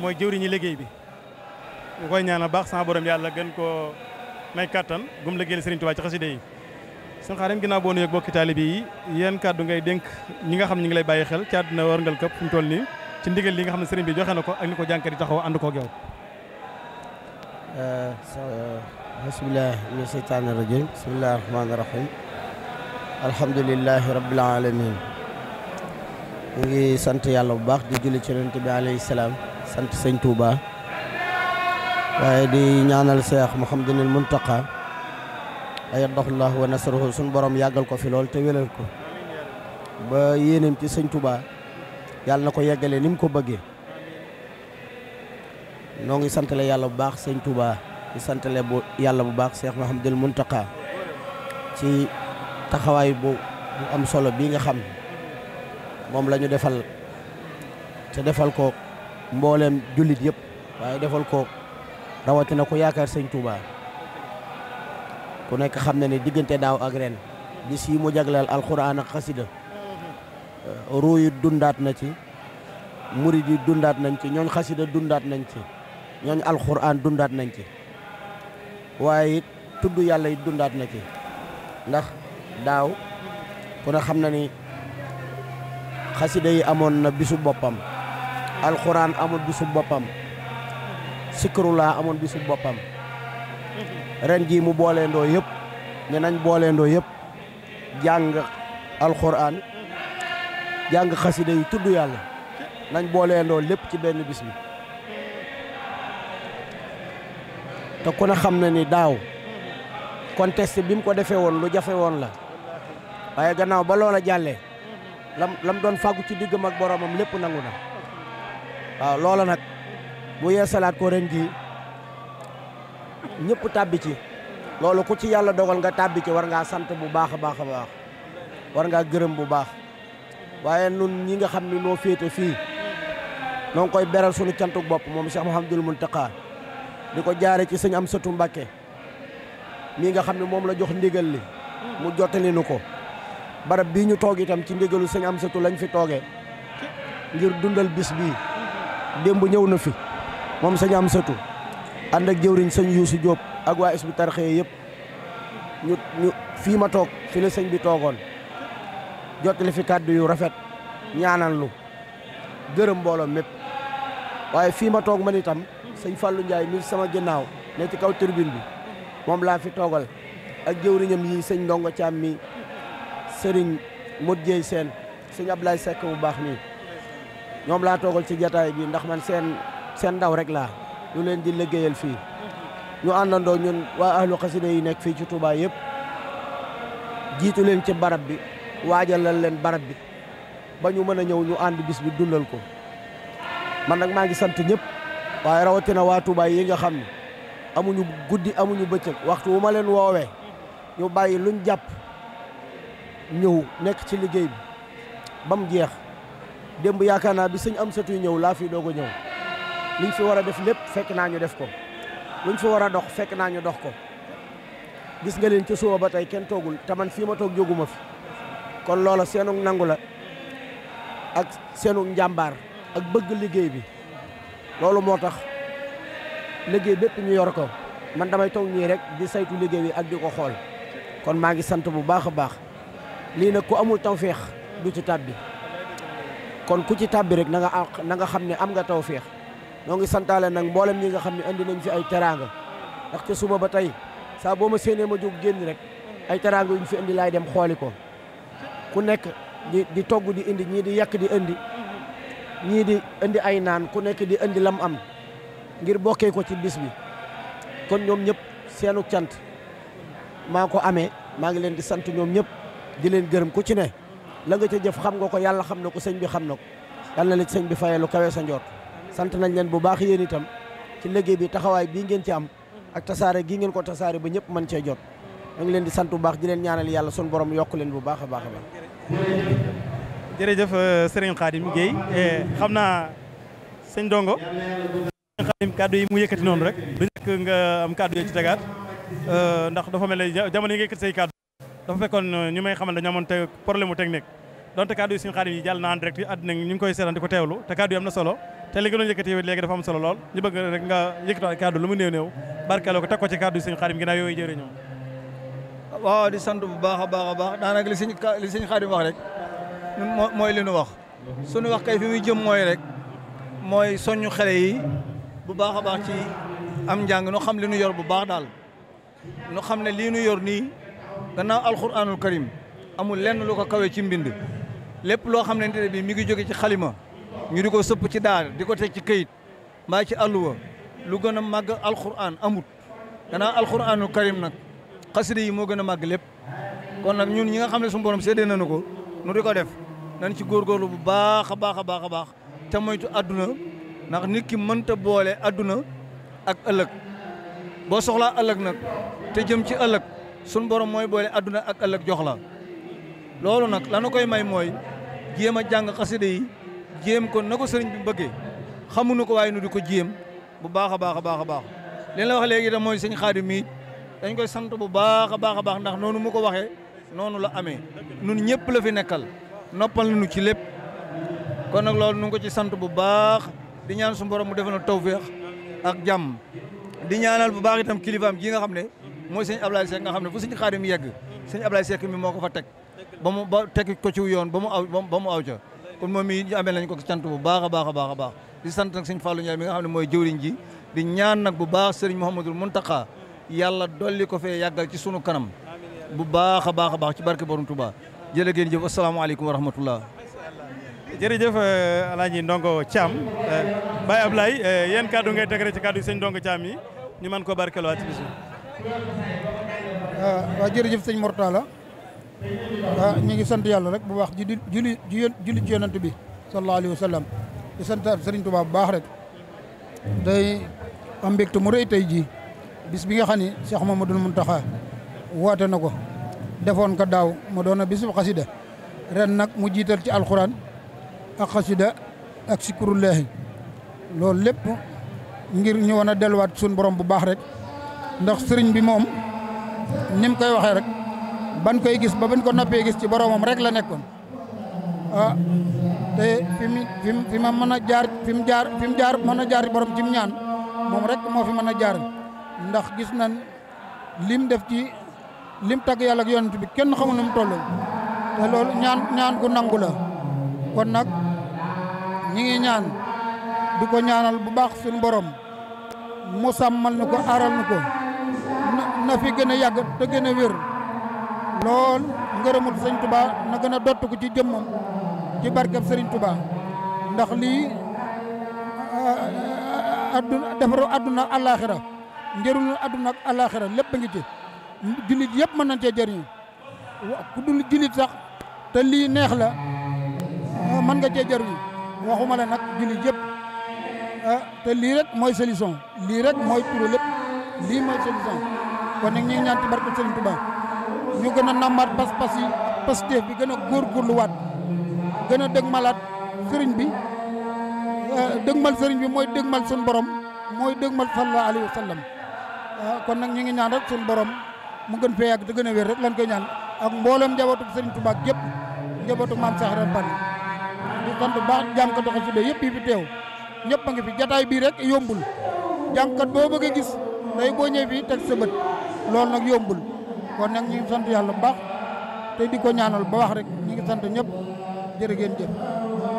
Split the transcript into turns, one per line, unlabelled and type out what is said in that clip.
mooy jëwriñu liggéey bi ñu koy ñaanal baax sama borom yàlla gën ko may kattan gum liggéeyal Serigne Touba ci xaside yi suñ xaarim ginnaaw boo nuyoo bokki taalibe yi yéen kàddu ngay dénk ñi nga xam ñi ngi lay bàyyi xel ci àdduna warngal këpp fu mu toll nii ci ndigal li nga xam ne sëriñ bi joxe na ko ak ni ko jànkat yi taxaw ànd ko yow
bismillahi mina sheytaani rajim bismillahi rahmaani rahim alhamdulilahi rabbil alamin ngi sant yàlla bu baax di julli ci sant sëñ Touba waaye di ñaanal seex Mouhamadinil Muntaqa ayyadahullahu wa nasruhu suñ borom yagal ko fi lool te wélal ko ba yéeneem ci sëñ Touba yàlla na ko yeggale ko bëggee noo ngi santale yàlla bu baax sëñ Touba di santale bu yàlla bu baax seex Mouhamadinil Muntaqa ci taxawaay bu bu am solo bii nga xam moom la defal te defal ko mbooleem jullit yëpp waaye defal ko rawatina ku yaakaar sëñ Touba ku nekk xam na ne diggante daaw ak ren bis yi mu jagleel alxuraan ak xasida uh, ruu dundaat na ci murid yi dundaat nañ ci ñooñ xasida dundaat nañ ci ñooñ alxuraan dundaat nañ ci waaye it yàlla yi dundaat na ci ndax daaw ku ne xam na ni xasida yi amoon na bisu boppam alquran amon bisub bopam sikrullah amon bisub bopam ren jii mu ndo yépp né nañ ndo yépp jang alquran jang xasida yi tuddu yalla nañ ndo lépp ci benn bis bi te ku ne xam na ni daw contexte bi mu ko défé won lu jafé won la waye gannaaw ba lola jallé lam lam doon fagu ci diggam ak boromam lepp nanguna Ah, Lola nak nag bu yeesalaat ko ren lolo ñëpp tàbbi ci loolu ku ci yàlla dogal nga tàbbi ci war ngaa sant bu baax a baax a baax war ngaa gërëm bu baax waaye nun ñi nga xam ne noo féete fii noo ngi koy beral suñu cantuk bopp moom Cheikh Mouhamadul muntaka di ko jaare ci sëñ am sëtu Mbàkke mii nga xam ne la jox ndigal li mu jotali nu ko barab bii ñu toog itam ci ndigalu sëñ am sëtu lañ fi toogee ngir dundal bis bii démb ñëw na fi moom sañ am sëtu ànd ak jëwriñ sëñ Youssou Diop ak waa Hizbut Tarqiyyah yëpp ñu fii ma toog fi la sëñ bi toogoon jot jottali fi kàddu yu rafet ñaanal lu gërëm mbooloo mépp waaye fii ma toog man itam sëñ Fallou njaay mi sama ginnaaw ne ci kaw tribune bi moom laa fi toogal ak jëwriñam yi sëñ Ndongo Thiam mi sëriñ Modou Dieye Sène sëñ Ablaye Seck bu baax nii ñoom laa toogal ci jataay bi ndax man seen seen ndaw rek laa ñu leen di liggéeyal fii ñu àndandoo ñun waa ahlu xasida yi nekk fii ci Touba jiit jiitu leen ci barab bi waajalal leen barab bi ba ñu mën a ñëw ñu ànd bis bi dundal ko man nag maa ngi sant ñëpp waaye rawatina waa Touba yi nga xam ne amuñu guddi amuñu bëccëg waxtu wu ma leen woowee ñu bàyyi luñ jàpp ñëw nekk ci liggéey bi ba mu jeex démb yaakaar naa bi sëñ am satu ñëw laa fi doog a ñëw liñ fi war a def lépp fekk naa ñu def ko luñ fi war a dox fekk naa ñu dox ko gis nga leen ci suba ba tey kenn toogul te man fii ma toog jóguma fi kon loola seenu nangu la ak seenu njàmbaar ak bëgg liggéey bi loolu moo tax liggéey bépp ñu yor ko man damay toog ñii rek di saytu liggéey bi ak di ko xool kon maa ngi sant bu baax a baax lii nag ku amul feex du ci tàbbi kon ku ci tàbbi rek na nga na nga xam ne am nga feex noo ngi santaale nag mboolem ñi nga xam ne andi nañ fi ay teraanga ndax ca suba ba tey saa boo ma séenee ma jóg génn rek ay teraanga yuñ fi indi laay dem xooli ko ku nekk di di togg di indi ñii di yàq di indi ñii di indi ay naan ku nekk di indi lam am ngir bokkee ko ci bis bi kon ñoom ñëpp seenu cant maa ko amee maa ngi leen di sant ñoom ñëpp di leen gërëm ku ci ne la nga ca jëf xam nga ko yàlla xam na ko sëñ bi xam na ko yàlla na sëñ bi fayee lu kawee sa njoot sant nañ leen bu baax yéen itam ci liggéey bi taxawaay bii ngeen ci am ak tasaare gii ngeen ko tasaare ba ñëpp mën cee jot da leen di sant bu baax di leen ñaanal yàlla sun borom yokk leen bu baax a baax a baax
jërëjëf euh, sëriñ Khadim Guèye eh, xam naa sëñ Dongo sëriñ yi mu yëkkati noonu rek du ñàkk nga am kàddu yi ci tegaat euh, ndax dafa mel ne jamono yi nga yëkkati dafa fekkoon euh, ñu may xamal dañu amoon te problème mu technique donte kaddu yi xaadim yi jàll na en direct yi àddina ñu ngi koy seetaan di ko teewlu te kaddu yi am na solo te li nga doon yëkkati léegi dafa am solo lool ñu bëgg rek nga yëkkati kaddu lu mu néew néew barkeeloo ko teg ko ci kaddu yi suñu xaadim ginnaaw yooyu jëriñoo waaw di sant bu baax a baax a baax daanaka li suñ li suñ xaadim wax rek mooy li nu wax suñu wax kay fi muy jëm mooy rek mooy soññu xale yi bu baax a baax ci am njàng nu xam li nu yor bu baax daal nu xam ne lii yor nii gannaaw alxuraanul karim amul lenn lu ko kawe ci mbind lépp loo xam ne ne bi mi ngi jóge ci xalima ñu di ko sëpp ci daar di ko teg ci këyit mbaa ci àlluwa lu gën a màgg alxuraan amut gannaaw alxuraanul karim nag xasida yi moo gën a màgg lépp kon nag ñun ñi nga xam ne suñu borom séddee nañu ko nu di ko def nañ ci góorgóorlu bu baax a baax a baax a baax te moytu àdduna ndax nit ki mënta boole àdduna ak ëllëg boo soxla ëllëg nag te jëm ci ëllëg sun borom mooy boole adduna ak ëllëg jox la loolu nag lanu koy may mooy jéem a jàng xasida yi jéem kon na ko sëriñ bi bëggee xamuñu ko waaye nu di ko jéem bu baax a baax a baax a baax li la wax léegi tam mooy sëñ xaadim mi dañ koy sant bu baax a baax a baax ndax noonu mu ko waxee noonu la amee nun ñëpp la fi nekkal noppal nu ci lépp kon nag loolu nu ko ci sant bu baax di ñaan su borom mu defal na tawféex ak jàmm di ñaanal bu baax itam kilifaam jii nga xam ne mooy sëñ Ablaye Seck nga xam ne fu sëñ mu yegg sëñ Ablaye Seck mi moo ko fa teg ba mu ba teg ko ci yoon ba mu aw ba mu aw ca kon moom mi amee nañ ko sant bu baax a baax a baax a baax di sant nag sëñ Fallou Ndiaye mi nga xam ne mooy jëwriñ ji di ñaan nag bu baax sëriñ Mouhamadul Mountakha yàlla dolli ko fee yàggal ci sunu kanam bu baax a baax a baax ci barke Borom Touba jërë ngeen jëf asalaamaaleykum wa rahmatullah jërëjëf eh, Alaaji Ndongo Thiam eh, Baye Ablaye eh, yéen kaddu ngay teg rek ci kaddu yi sëñ Ndongo Thiam ñu mën ko barkeeloo ci bis
Ah, waa jërëjëf sëñ Mortala waaw ah, ñu ngi sant yàlla rek bu baax ji julli julli ci yonent bi sallallahu alayhi wa sallam di sant Sëriñ Tuubaa bu baax rek day am mbégte mu rëy tey jii bis bi nga xam ni Cheikh Mamadou Mountakha woote na ko defoon ko daaw mu doon bisu xasida ren nag mu jiital ci alxuraan ak xasida ak sikkurullaahi loolu lépp ngir ñu wan a delluwaat suñu borom bu baax rek ndax serigne bi mom nim koy waxe rek ban koy gis ba ban ko noppé gis ci boromam rek la nekkon ah té fim fim fim ma mana jaar fim jaar fim jaar mëna jaar borom ci ñaan mom rek mo fi mëna jaar ndax gis nan lim def ci lim tag yalla ak yonent bi kenn xamul num tollu té lool ñaan ñaan ku nangu la kon nak ñi ngi ñaan diko ñaanal bu baax suñu borom musammal nuko aral nuko na fi gën a yàgg gën a wér lool ngërëmul sëñ Touba na gën a ci jëmmam ci barkeb Serigne Touba ndax lii adduna ah, ah, ah, defaru adduna ak àllaaxira njëriñu adduna ak àllaaxira lépp ngi ci jullit yëpp mën nañ cee jëriñu ku dul jullit sax te lii neex la mën nga cee jëriñu waxuma nag jullit yëpp lii mooy solution lii rek mooy pour lépp lii mooy solution kon nag ñu ñaan ci barke Serigne Touba ñu gën a nammaat pas-pas yi pastéef bi gën a góorgóorluwaat gën a malaat sëriñ bi euh, dëgmal sëriñ bi mooy dëgmal suñu borom mooy dëgmal sallallahu alayhi wa sallam euh, kon nag ñu ngi ñaan rek suñu borom mu gën fee yàgg te gën a wér rek lan koy ñaan ak mboolem njabootu Serigne Touba ak yëpp njabootu maam Cheikh Ibra Fall di sant baax jànkatu xasida yëpp yi fi teew ñëpp a ngi fi jataay bii rek yombul jànkat boo bëgg a loolu nag yombul kon nag ñu ngi sant yàlla bu baax te di ko ñaanal ba wax rek ñu ngi sant ñëpp jërë ngeen jëf